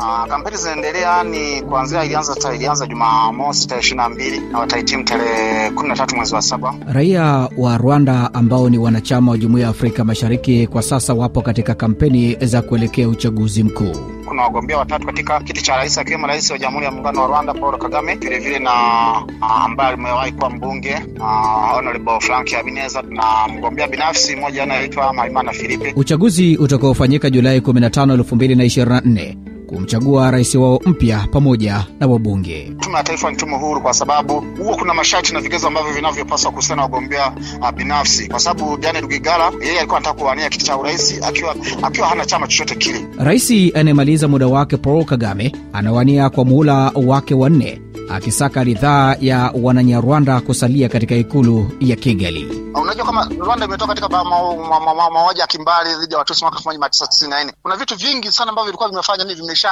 Ah, kampeni zinaendelea ni kuanzia, ilianza ilianza Jumamosi tarehe ishirini na mbili na wataitimu tarehe kumi na tatu mwezi wa saba. Raia wa Rwanda ambao ni wanachama wa jumuiya ya Afrika Mashariki kwa sasa wapo katika kampeni za kuelekea uchaguzi mkuu kuna wagombea watatu katika kiti cha rais, akiwemo rais wa Jamhuri ya Muungano wa Rwanda Paul Kagame, vilevile na ambaye amewahi kuwa mbunge uh, Honorable Frank Habineza na mgombea binafsi mmoja anayeitwa Maimana Filipe. Uchaguzi utakaofanyika Julai 15, 2024 kumchagua rais wao mpya pamoja na wabunge. Tume ya Taifa ni tume huru, kwa sababu huo kuna masharti na vigezo ambavyo vinavyopaswa kuhusiana na wagombea ah, binafsi, kwa sababu Diane Gigala yeye alikuwa anataka kuwania kiti cha urais akiwa, akiwa hana chama chochote kile. Rais anayemaliza muda wake Paul Kagame anawania kwa muhula wake wanne akisaka ridhaa ya wananyarwanda kusalia katika ikulu ya Kigali. Unajua, kama Rwanda imetoka katika mauaji ya kimbari dhidi ya Watusi mwaka elfu moja mia tisa tisini na nne kuna vitu vingi sana ambavyo vilikuwa vimefanya ni vimesha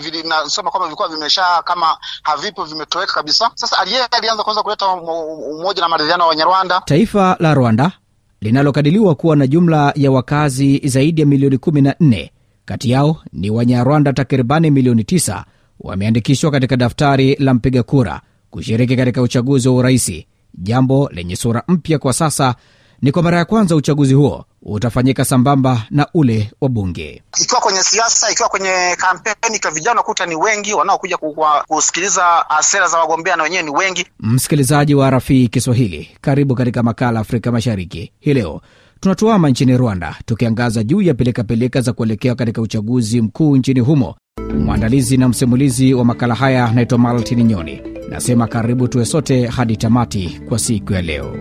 vinasema kwamba vilikuwa vimesha kama havipo vimetoweka kabisa. Sasa aliye alianza kuweza kuleta umoja na maridhiano ya Wanyarwanda. Taifa la Rwanda linalokadiliwa kuwa na jumla ya wakazi zaidi ya milioni kumi na nne, kati yao ni Wanyarwanda takribani milioni tisa wameandikishwa katika daftari la mpiga kura kushiriki katika uchaguzi wa uraisi, jambo lenye sura mpya kwa sasa ni kwa mara ya kwanza uchaguzi huo utafanyika sambamba na ule wa bunge. Ikiwa kwenye siasa, ikiwa kwenye kampeni, ka vijana kuta ni wengi wanaokuja kusikiliza ah, sera za wagombea na wenyewe ni wengi. Msikilizaji wa Rafii Kiswahili, karibu katika makala Afrika Mashariki hii leo. Tunatuama nchini Rwanda, tukiangaza juu ya pilikapilika za kuelekea katika uchaguzi mkuu nchini humo. Mwandalizi na msimulizi wa makala haya naitwa Maltini Nyoni, nasema karibu tuwe sote hadi tamati kwa siku ya leo.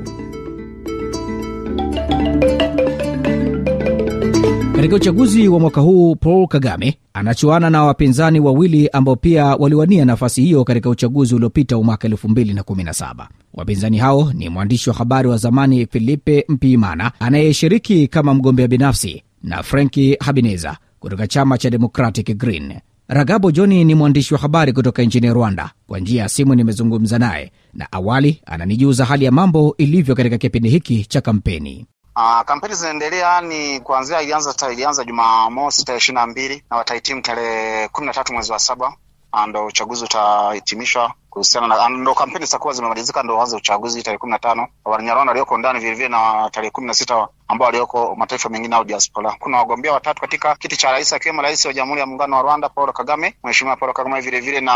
Katika uchaguzi wa mwaka huu Paul Kagame anachuana na wapinzani wawili ambao pia waliwania nafasi hiyo katika uchaguzi uliopita wa mwaka 2017. Wapinzani hao ni mwandishi wa habari wa zamani Filipe Mpiimana anayeshiriki kama mgombea binafsi na Frenki Habineza kutoka chama cha Democratic Green. Ragabo johni ni mwandishi wa habari kutoka nchini Rwanda. Kwa njia ya simu nimezungumza naye, na awali ananijuza hali ya mambo ilivyo katika kipindi hiki cha kampeni. Uh, kampeni zinaendelea ni kuanzia ilianza ilianza Jumamosi tarehe ishirini na mbili na watahitimu tarehe kumi na tatu mwezi wa saba ah, ndo uchaguzi utahitimishwa kuhusiana na ah, ndo kampeni zitakuwa zimemalizika, ndo anza uchaguzi tarehe kumi na tano Wanyarwanda walioko ndani vilevile na tarehe kumi na sita ambao walioko mataifa mengine au diaspora. Kuna wagombea watatu katika kiti cha rais, akiwemo rais wa Jamhuri ya Muungano wa Rwanda Paul Kagame, mheshimiwa Paul Kagame vilevile na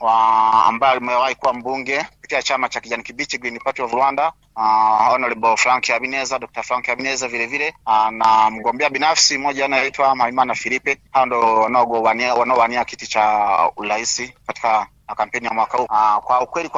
wa ambaye amewahi kuwa mbunge kupitia chama cha kijani kibichi Green Party of Rwanda uh, Honorable Frank Habineza, Dr. Frank Habineza vile vile uh, na mgombea binafsi mmoja anaitwa Maimana Filipe. Hao ndo wanaowania wanaowania kiti cha urais katika kampeni ya mwaka huu. Uh, kwa ukweli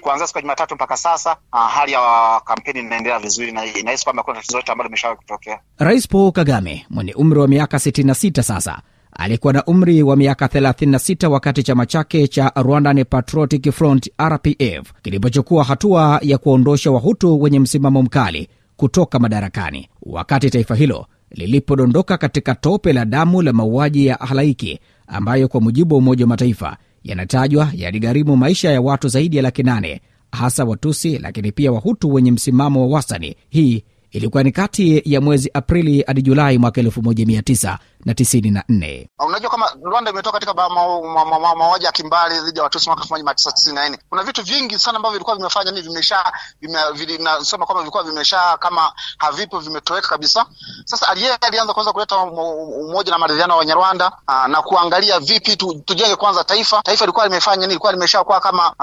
kuanzia siku ya Jumatatu mpaka sasa uh, hali ya kampeni inaendelea vizuri na inahisi kwamba kuna tatizo yote ambalo limeshawahi kutokea. Rais Paul Kagame mwenye umri wa miaka sitini na sita sasa alikuwa na umri wa miaka 36 wakati chama chake cha Rwandan Patriotic Front RPF kilipochukua hatua ya kuondosha Wahutu wenye msimamo mkali kutoka madarakani, wakati taifa hilo lilipodondoka katika tope la damu la mauaji ya halaiki ambayo kwa mujibu wa Umoja wa Mataifa yanatajwa yaligharimu maisha ya watu zaidi ya laki nane hasa Watusi, lakini pia Wahutu wenye msimamo wa wastani, hii ilikuwa ni kati ya mwezi Aprili hadi Julai mwaka elfu moja mia tisa na na tisini nne Unajua, kama Rwanda imetoka katika mauaji ya kimbali dhidi ya Watusi mwaka nne kuna vitu vingi sana ambavyo vilikuwa vimefanya nini, vimesha vinasema kwamba vilikuwa vimesha kama havipo, vimetoweka kabisa. Sasa aliye alianza kwanza kuleta umoja na maridhiano wenye rwanda na kuangalia vipi tu, tujenge kwanza taifa. Taifa ilikuwa limefanya nini, ilikuwa limeshakuwa kama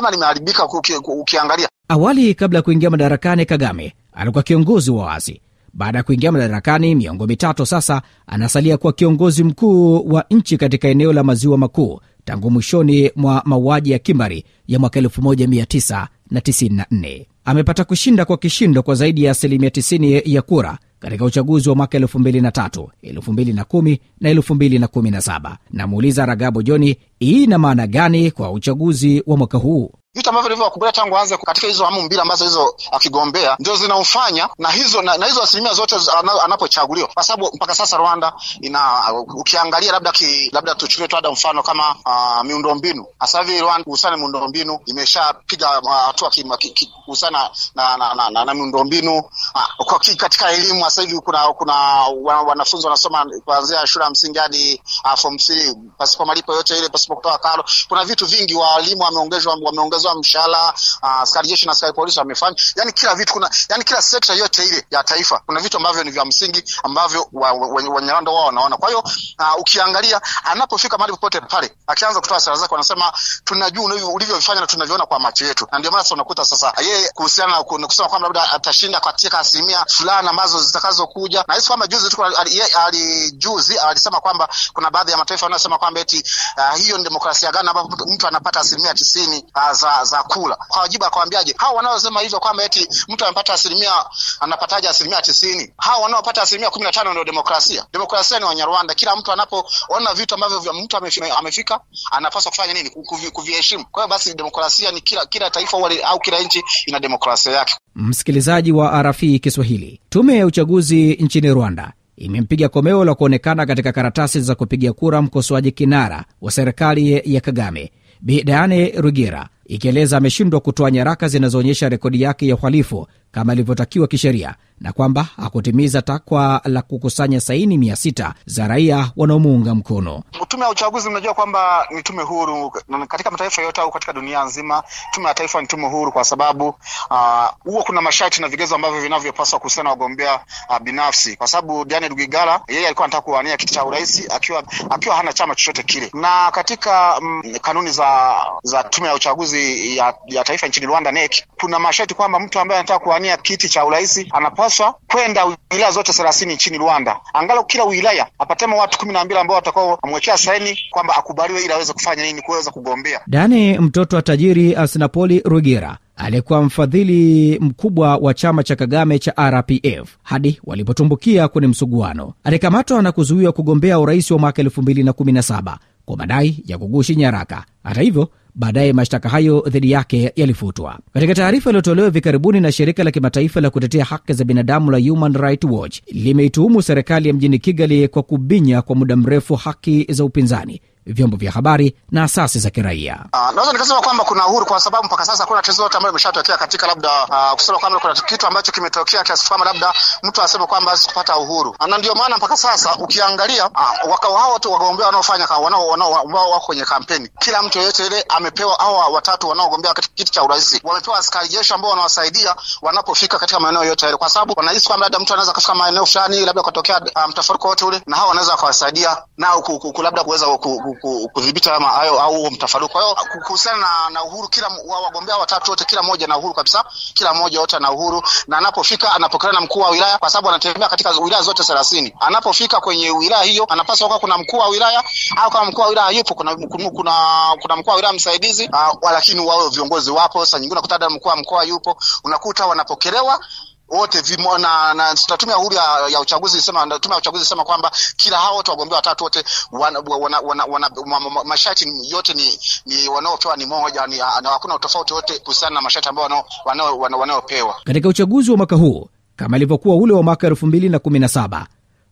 kama limeharibika ukiangalia Awali kabla ya kuingia madarakani, Kagame alikuwa kiongozi wa waasi. Baada ya kuingia madarakani, miongo mitatu sasa, anasalia kuwa kiongozi mkuu wa nchi katika eneo la maziwa makuu tangu mwishoni mwa mauaji ya kimbari ya mwaka 1994. Amepata kushinda kwa kishindo kwa zaidi ya asilimia 90 ya kura katika uchaguzi wa mwaka 2003, 2010 na 2017. Namuuliza Ragabo Joni, hii ina maana gani kwa uchaguzi wa mwaka huu? vitu ambavyo vilivyowakubalia tangu aanze katika hizo hamu mbili ambazo hizo akigombea ndio zinaufanya na hizo na, na hizo asilimia zote anapochaguliwa, kwa sababu mpaka sasa Rwanda ina uh, ukiangalia labda ki, labda tuchukue tu ada mfano kama uh, miundombinu hasa hivi Rwanda kuhusiana miundombinu imeshapiga ah, hatua uh, kuhusiana na, na, na, na, na miundombinu uh, kwa katika elimu hasa hivi kuna kuna wanafunzi wanasoma kuanzia shule ya msingi hadi uh, form 3 pasipo malipo yote ile pasipo kutoa karo. Kuna vitu vingi, walimu wameongezwa wameongezwa kuongezwa mshahara ah, askari jeshi na askari polisi wamefanya, yani kila vitu kuna, yani kila sekta yote ile ya taifa kuna vitu ambavyo ni vya msingi ambavyo Wanyarwanda wa, wa, wao wanaona. Kwa hiyo uh, ukiangalia anapofika mahali popote pale akianza kutoa sera zake, wanasema tunajua ulivyofanya na tunaviona kwa macho yetu, na ndio maana sasa unakuta sasa yeye kuhusiana na kusema kwamba labda atashinda katika asilimia fulani ambazo zitakazokuja, na hisi kwamba juzi tu alijuzi alisema kwamba kuna baadhi ya mataifa wanasema kwamba eti uh, hiyo ni demokrasia gani ambapo mtu anapata asilimia tisini uh, za za kula. Kwa wajibu akawaambiaje hao wanaosema hivyo kwamba eti mtu anapata asilimia anapataje asilimia tisini? Hao wanaopata asilimia kumi na tano ndio demokrasia. Demokrasia ni Wanyarwanda. Kila mtu anapoona vitu ambavyo mtu amefika anapaswa kufanya nini? Kuviheshimu. Kwa hiyo basi demokrasia ni kila kila taifa wali, au kila nchi ina demokrasia yake. Msikilizaji wa RFI Kiswahili, tume ya uchaguzi nchini Rwanda imempiga komeo la kuonekana katika karatasi za kupiga kura mkosoaji kinara wa serikali ya Kagame Bi Diane Rwigara ikieleza ameshindwa kutoa nyaraka zinazoonyesha rekodi yake ya uhalifu kama ilivyotakiwa kisheria na kwamba hakutimiza takwa la kukusanya saini mia sita za raia wanaomuunga mkono. Tume ya uchaguzi, mnajua kwamba ni tume huru katika mataifa yote au katika dunia nzima. Tume ya taifa ni tume huru kwa sababu huo uh, kuna masharti na vigezo ambavyo vinavyopaswa kuhusiana na wagombea uh, binafsi, kwa sababu Diane Rwigara yeye alikuwa anataka kuwania kiti cha urais akiwa akiwa hana chama chochote kile, na katika mm, kanuni za za tume ya uchaguzi ya, ya taifa nchini Rwanda NEC kuna masharti kwamba mtu ambaye anataka kuwania kiti cha urais anapa inapaswa kwenda wilaya zote thelathini nchini Rwanda, angalau kila wilaya apatema watu kumi na mbili ambao watakao amwekea saini kwamba akubaliwe ili aweze kufanya nini, kuweza kugombea. Dani mtoto wa tajiri Asnapoli Rugira aliyekuwa mfadhili mkubwa wa chama cha Kagame cha RPF hadi walipotumbukia kwenye msuguano, alikamatwa na kuzuiwa kugombea urais wa mwaka elfu mbili na kumi na saba kwa madai ya kugushi nyaraka. Hata hivyo baadaye mashtaka hayo dhidi yake yalifutwa. Katika taarifa iliyotolewa hivi karibuni na shirika la kimataifa la kutetea haki za binadamu la Human right Watch, limeituhumu serikali ya mjini Kigali kwa kubinya kwa muda mrefu haki za upinzani vyombo vya habari na asasi za kiraia. Ah, naweza nikasema kwamba kuna uhuru kwa sababu mpaka sasa hakuna tatizo lote ambalo limeshatokea katika labda, ah, kusema kwamba kuna kitu ambacho kimetokea kiasi kwamba labda mtu asema kwamba hawezi kupata uhuru, ah, na ndio maana mpaka sasa ukiangalia, wakao hao wote wagombea wanaofanya ambao wako kwenye kampeni, kila mtu yoyote ile amepewa, hawa watatu wanaogombea katika kiti cha urais wamepewa askari jeshi ambao wanawasaidia wanapofika katika maeneo yote yale, kwa sababu wanahisi kwamba labda mtu anaweza kafika maeneo fulani, labda ukatokea mtafaruko um, wote ule, na hawa wanaweza wakawasaidia nao labda kuweza kudhibiti hayo au mtafaruku. Kwa hiyo kuhusiana na, na uhuru, kila wagombea watatu wote, kila mmoja na uhuru kabisa, kila mmoja wote ana uhuru, na anapofika anapokelewa na mkuu wa wilaya, kwa sababu anatembea katika wilaya zote 30. Anapofika kwenye wilaya hiyo, anapaswa kuwa kuna mkuu wa wilaya au kama mkuu wa wilaya yupo, kuna kuna, kuna, kuna mkuu wa wilaya msaidizi, ah, lakini wao viongozi wapo. Saa nyingine unakuta mkuu wa mkoa yupo, unakuta wanapokelewa wote vimo, na, na, tume huru ya, ya uchaguzi sema tume ya uchaguzi sema kwamba kila hao wote wagombea watatu wote wana, wana, wana, wana, wana, masharti yote ni, ni wanaopewa ni moja ni, na hakuna utofauti wote kuhusiana na masharti ambayo wanaopewa katika uchaguzi wa mwaka huu kama ilivyokuwa ule wa mwaka elfu mbili na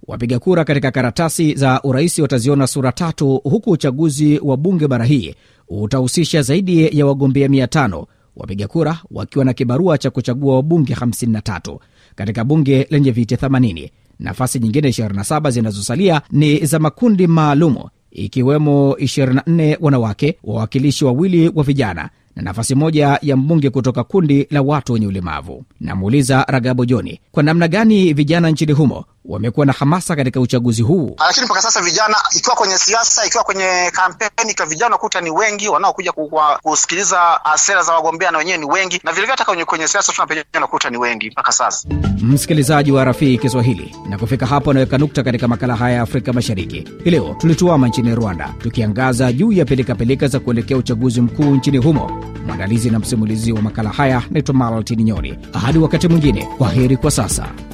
Wapiga kura katika karatasi za urais wataziona sura tatu, huku uchaguzi wa bunge bara hii utahusisha zaidi ya wagombea mia tano wapiga kura wakiwa na kibarua cha kuchagua wabunge 53 katika bunge lenye viti 80. Nafasi nyingine 27 zinazosalia ni za makundi maalumu ikiwemo 24 wanawake, wawakilishi wawili wa vijana na nafasi moja ya mbunge kutoka kundi la watu wenye ulemavu. Namuuliza Ragabo Joni, kwa namna gani vijana nchini humo wamekuwa na hamasa katika uchaguzi huu, lakini mpaka sasa vijana, ikiwa kwenye siasa, ikiwa kwenye kampeni kwa vijana, kuta ni wengi wanaokuja kusikiliza ah, sera za wagombea, na wenyewe ni wengi, na vilevile hata kwenye, kwenye siasa tunapejana kuta ni wengi mpaka sasa. Msikilizaji wa Rafii Kiswahili, na kufika hapo anaweka nukta katika makala haya ya Afrika Mashariki hii leo. Tulituama nchini Rwanda tukiangaza juu ya pilikapilika za kuelekea uchaguzi mkuu nchini humo. Mwandalizi na msimulizi wa makala haya naitwa Malaltini Nyoni. Hadi wakati mwingine, kwa heri kwa sasa.